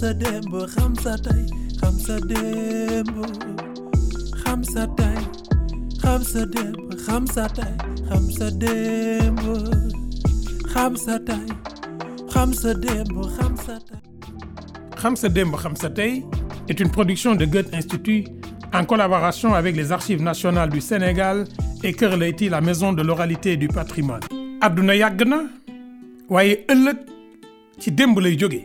sa démb xam sa tey sa démb xam xam sa démb xam est une production de Goethe Institut en collaboration avec les Archives nationales du Sénégal et Kër Leyti la maison de l'oralité et du patrimoine. àdduna yàgg na waaye ci démb lay jóge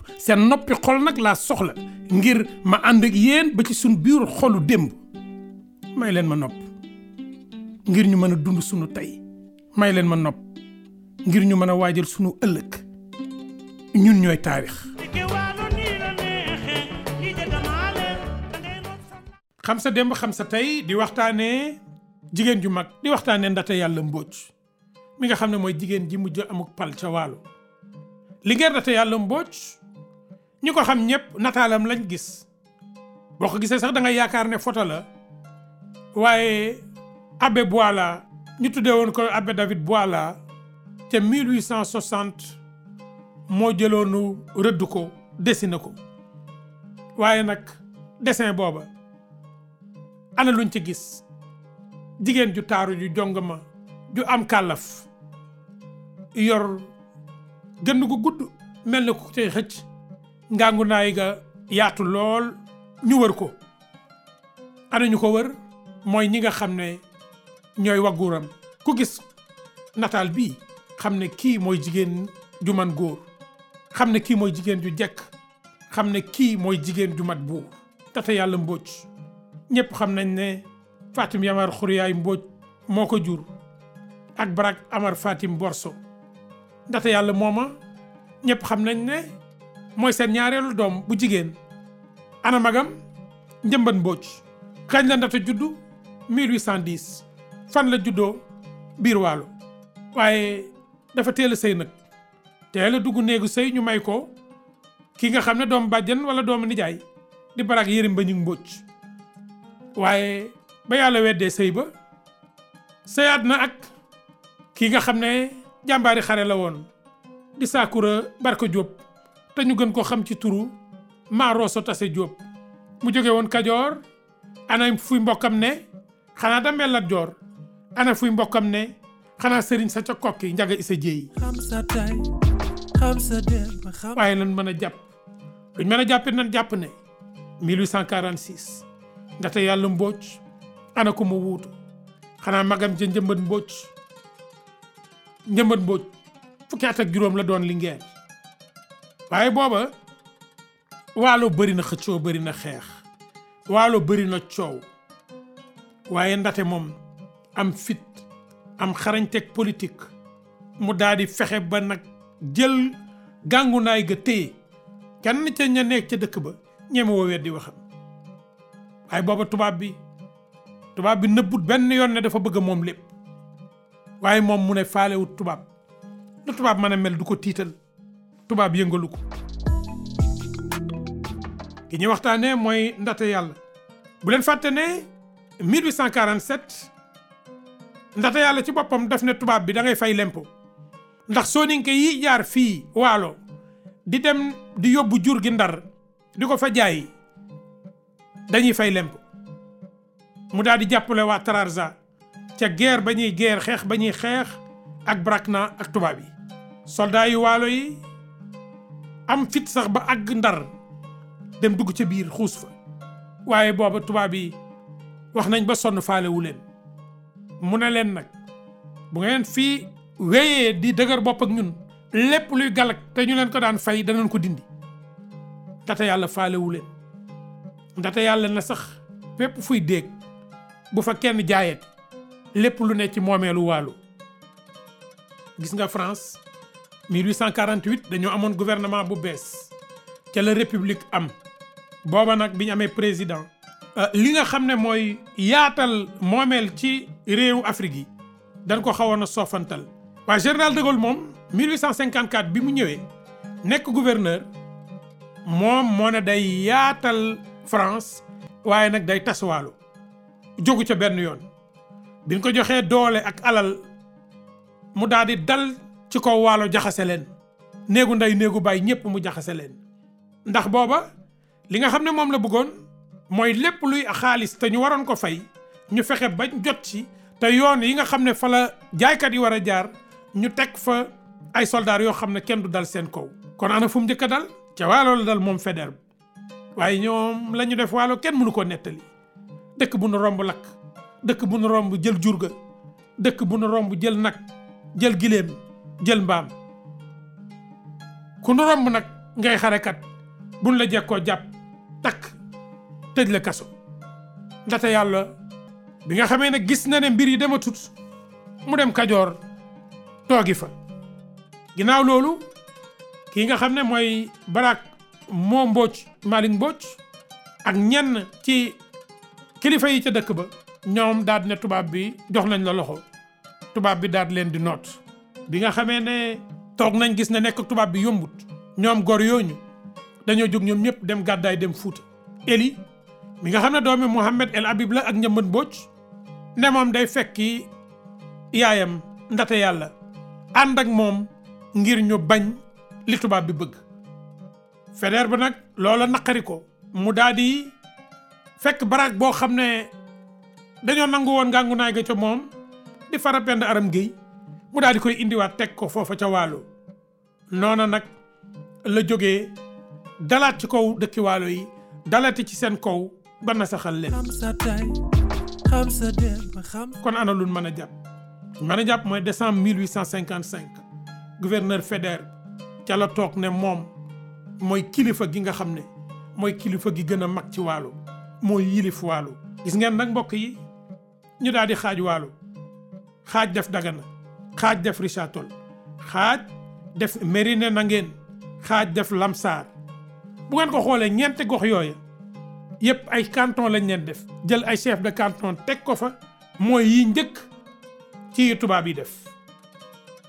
seen noppi xol nag laa soxla ngir ma ànd ak yéen ba ci suñ biir xolu démb may leen ma nopp ngir ñu mën a dund sunu tey may leen ma nopp ngir ñu mën a waajal sunu ëllëg ñun ñooy taarix. xam sa démb xam sa tey di waxtaanee jigéen ju mag di waxtaanee Ndate Yàlla Mbóoj mi nga xam ne mooy jigéen ji mujj amuk pal ca waalo li ngeen Ndate Yàlla Mbóoj ñu ko xam ñëpp nataalam lañ gis boo ko gisee sax da yaakaar ne foto la waaye abbé Boilat ñu tuddee woon ko abbé David Boilat te 1860 moo jëloonu rëdd ko dessiné ko waaye nag dessin booba ana luñ ci gis jigéen ju taaru ju jongama ju am kàllaf yor gënn gu gudd mel na ku cay xëcc ngàngu naay ga yaatu lool ñu wër ko ana ñu ko wër mooy ñi nga xam ne ñooy wagguuram ku gis nataal bi xam ne kii mooy jigéen ju man góor xam ne kii mooy jigéen ju jekk xam ne kii mooy jigéen ju mat buur tata yàlla mbóoj ñépp xam nañ ne Fatim Yamar Xuriyaay Mbóoj moo ko jur ak Barak Amar Fatim Borso tata yàlla mooma ñëpp xam nañ ne mooy seen ñaareelu doom bu jigéen ana magam njëmbat mbooj kañ la ndata juddu 1810 fan la juddoo biir waalo waaye dafa teel a sëy nag teel a dugg néegu sëy ñu may ko kii nga xam ne doomu bàjjen wala doomu nijaay di baraag yërim ba ñu waaye ba yàlla weddee sëy ba sëyaat na ak ki nga xam ne jàmbaari xare la woon di saakura barko Jóob te ñu gën ko xam ci turu Maarooso Tase Jóob mu jóge woon Kajoor ana fuy mbokkam ne xanaa damel mel Joor ana fuy mbokkam ne xanaa sëriñ sa ca kokki njaga isa jéey waaye lan mën a jàpp luñ mën a jàppit nan jàpp ne 1846 ndaxte yàlla mbóoj ana ko mu wuutu xanaa magam ja njëmbat mbóoj njëmbat mbóoj fukki at juróom la doon Linguère waaye booba waalo bëri na xëccoo bëri na xeex waalo bëri na coow waaye ndate moom am fit am xarañteg politique mu daal di fexe ba nag jël gàngunaay ga téye kenn ca ña nekk ca dëkk ba ñeme woo weddi waxam waaye booba tubaab bi tubaab bi nëbbut benn yoon ne dafa bëgg moom lépp waaye moom mu ne faalewut tubaab lu tubaab mën a mel du ko tiital tubaab yëngalu ko ki ñu waxtaanee mooy Ndaté Yàlla bu leen fàtte ne 1847 Ndaté Yàlla ci boppam daf ne tubaab bi da ngay fay lempo ndax sooninke yi jaar fii waalo di dem di yóbbu jur gi ndar di ko fa jaay dañuy fay lempo mu daal di jàppale waa Trarza ca guerre ba ñuy guerre xeex ba ñuy xeex ak Brakna ak tubaab yi soldat waalo yi am fit sax ba àgg ndar dem dugg ca biir xuus fa waaye booba tubaab yi wax nañ ba sonn faalewu mu ne leen nag bu ngeen fii wéyee di dëgër bopp ak ñun lépp luy galak te ñu leen ko daan fay danañ ko dindi ndate yàlla faalewu leen yàlla na sax pépp fuy déeg bu fa kenn jaayet lépp lu ne ci moomeelu waalu gis nga France 1848 dañoo amoon gouvernement bu bees ca la république am booba nag biñ amee président euh, li nga xam ne mooy yaatal moomeel ci réewu Afrique yi dañ ko xawoon a soofantal waa général de Gaulle moom 1854 bi mu ñëwee nekk gouverneur moom moo ne day yaatal France waaye nag day taswaalu jógu ca benn yoon biñ ko joxee doole ak alal mu daal di dal ci kaw waalo jaxase leen néegu ndey néegu baay ñépp mu jaxase leen ndax booba li nga xam ne moom la bëggoon mooy lépp luy xaalis te ñu waroon ko fay ñu fexe bañ jot ci te yoon yi nga xam ne fa la jaaykat yi war a jaar ñu teg fa ay soldats yoo xam ne kenn du dal seen kaw kon ana fu mu njëkk dal ca waalo la dal moom Faidherbe waaye ñoom la ñu def waalo kenn mënu koo nettali dëkk bu nu romb lakk dëkk bu nu romb jël jurga dëkk bu nu romb jël nag jël gileem jël mbaam ku nu romb nag ngay xarekat buñ la jekkoo jàpp takk tëj la kaso ndata yàlla bi nga xamee ne gis na ne mbir yi dama tut mu dem kajoor toogi fa ginnaaw loolu kii nga xam ne mooy baraak moo mbooc Malick Mbooc ak ñenn ci kilifa yi ca dëkk ba ñoom daal ne tubaab bi jox nañ la loxo tubaab bi daal leen di noot bi nga xamee ne toog nañ gis ne nekk tubaab bi yombut ñoom gor yooñu dañoo jóg ñoom ñëpp dem gàddaay dem Fuuta Eli mi nga xam ne doomi Mouhamed El Habib la ak Njëmbët Mbóoj ne moom day fekki yaayam ndate yàlla ànd ak moom ngir ñu bañ li tubaab bi bëgg Faidherbe ba nag loola naqari ko mu daal di fekk baraag boo xam ne dañoo nangu woon ngangu naay ga ca moom di farapend aram géy mu daal di koy indiwaat teg ko foofa ca waalo noona nag la jóge dalaat ci kaw dëkki waalo yi dalaati ci seen kaw ba nasaxal leen kon ana lu mën a jàpp mën a jàpp mooy décembre 1855 gouverneur Faidherbe ca la toog ne moom mooy kilifa gi nga xam ne mooy kilifa gi gën a mag ci waalo mooy yilif waalo gis ngeen nag mbokk yi ñu daal di xaaj waalo xaaj def dagana xaaj def Richard-Toll xaaj def Mérina Nanguène xaaj def Lamsar bu ngeen ko xoolee ñeenti gox yooya yépp ay canton lañ leen def jël ay chef de canton teg ko fa mooy yi njëkk ci tubaab yi def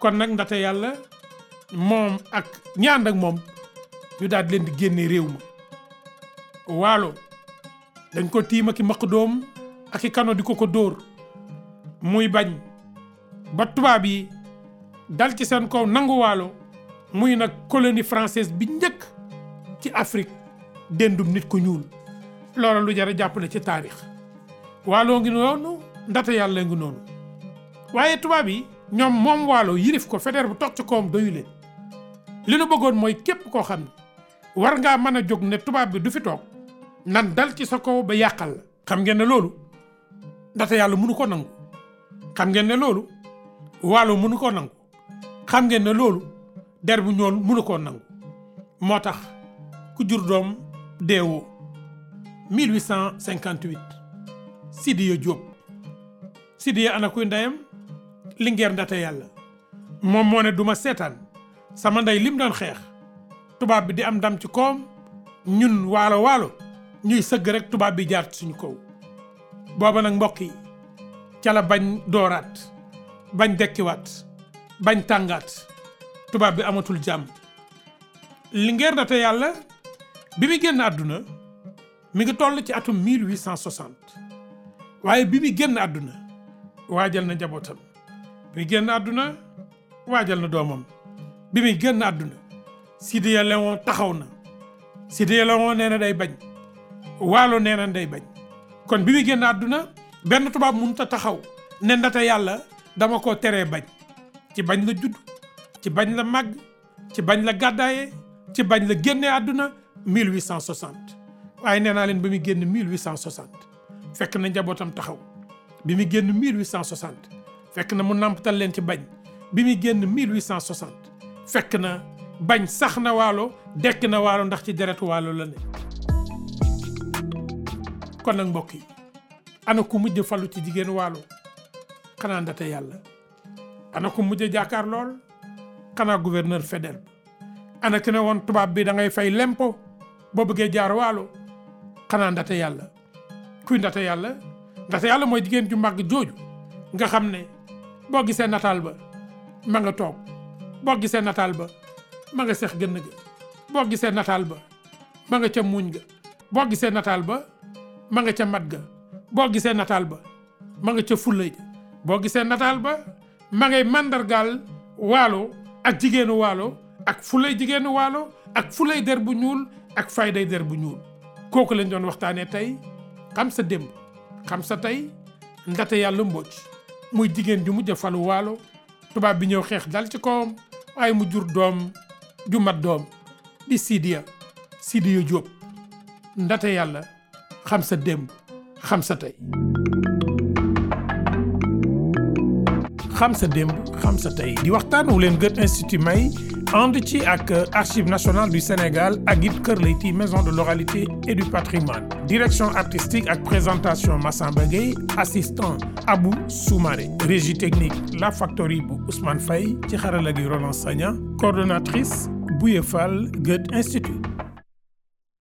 kon nag ndate yàlla moom ak ñaan ak moom ñu daal di leen di génne réew ma waalo dañ ko tiim ak i doom ak i kano di ko ko dóor muy bañ ba tubaab yi dal ci seen kaw nanguwaalo muy nag colonie française bi njëkk ci Afrique dendum nit ku ñuul loola lu jar a jàppale ci taarix waalo ngi noonu ndata yàlla ngi noonu waaye tubaab yi ñoom moom waalo yirif ko feteer bu toog ci koom doyu li nu bëggoon mooy képp koo xam ne war ngaa mën a jóg ne tubaab bi du fi toog nan dal ci sa kaw ba yàqal la xam ngeen ne loolu ndata yàlla mënu ko nangu xam ngeen loolu waalo mënu koo nangu xam ngeen na loolu der bu ñool mënu koo nangu moo tax ku jur doom deewoo 1858 Sidiya Diop Sidiya ana kuy ndeyam Linguère ndate yàlla moom moo ne duma seetaan sama ndey lim doon xeex tubaab bi di am dam ci koom ñun waalo waalo ñuy sëgg rek tubaab bi jaar suñu kaw booba nag mbokk yi ca bañ dooraat bañ dekkiwaat bañ tàngaat tubaab bi amatul jàmm Linguère na yàlla bi muy génn àdduna mi ngi toll ci atum 1860 waaye bi muy génn àdduna waajal na jabootam bi muy génn àdduna waajal na doomam bi muy génn àdduna Sidiya taxaw na Sidiya nee na day bañ waalo nee na day bañ kon bi muy génn àdduna benn tubaab mënut a taxaw ne ndata yàlla dama ko teree bañ ci bañ la judd ci bañ la màgg ci bañ la gàddaaye ci bañ la génne àdduna 1860 waaye nee naa leen ba muy génn 1860 fekk na njabootam taxaw bi muy génn 1860 fekk na mu nàmpatal leen ci bañ bi muy génn 1860 fekk na bañ sax na waalo dekk na waalo ndax ci deretu waalo la ne kon nag mbokk yi ana ku mujj falu ci jigéen waalo xanaa ndate yàlla ana ko mujj a jàkkaar lool xanaa gouverneur fédéral ana ki ne woon tubaab bi dangay ngay fay lempo boo bëggee jaar waalo xanaa ndate yàlla kuy ndate yàlla ndate yàlla mooy jigéen ju màgg jooju nga xam ne boo gisee nataal ba ma nga toog boo gisee nataal ba ma nga sex gënn ga gisee nataal ba ma nga ca muuñ ga boo gisee nataal ba ma nga ca mat ga boo gisee nataal ba ma nga ca fulla ja boo gisee nataal ba ma ngay màndargaal waalo ak jigéenu waalo ak fulay jigéenu waalo ak fulay der bu ñuul ak fayday der bu ñuul kooku lañ doon waxtaanee tey xam sa démb xam sa tey ndate yàlla mbóoj muy jigéen ju mujj falu waalo tubaab bi ñëw xeex dal ci kawam waaye mu jur doom ju mat doom di Sidiya Sidiya Jóob ndate yàlla xam sa démb xam sa tey xam sa démb xam sa tey di waxtaan wu leen Goethe Institut may ànd ci ak Archives national du Sénégal ak it Kër Leyti maison de l'oralité et du patrimoine direction artistique ak présentation Massamba Gueye assistant Abou Soumaré régie technique La Factory bu Ousmane Faye ci xarala gi Roland Sagna coordonnatrice Bouye Fall Institut